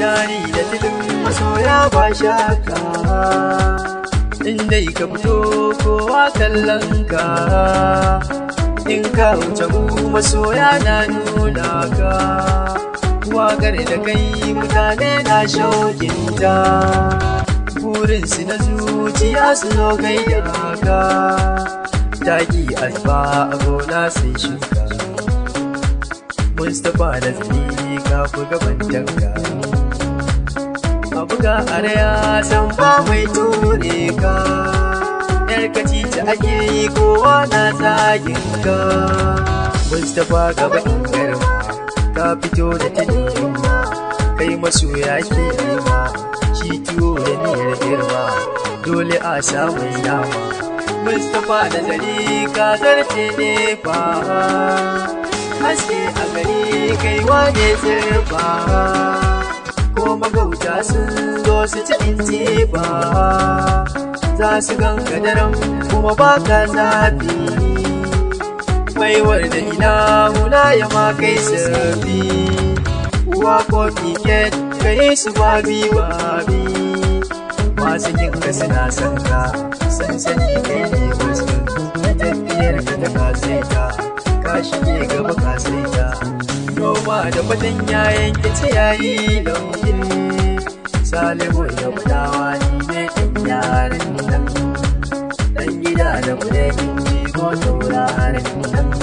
Dari da tilin masoya ba shaka Indai ka fito kowa kallon ka In ka wuce mu masoya na nuna ka Wagar da kai mutane na shaukinta Burinsu na zuciya su zo gaida ka Taki alba a gona sun shuka Mustapha da ka buga bantanka. A buga araya san ba mai ture ka. Yar kacici ake yi kowa na zagin ka. Mustapha gaba in ka fito da talibin kai masoya ke nema shi tuwo da niyyar girma dole a samu nama. Mustapha da zari ka zarce ne fa. kai wane tsirba ko magauta sun zo su ci inci ba za su gan kadaran kuma ba ka zafi baiwar da ina muna ya ma kai sarfi uwa ko tiket kai su babi babi masu kin ka suna son ka sansani kai ne wasu na tafiyar ka ta kasai ka kashi ne gaba kasai da kudin yayan kici yayi launin salihu ya gudawa ni ne yarin nan dan gida da kudin jigo harin nan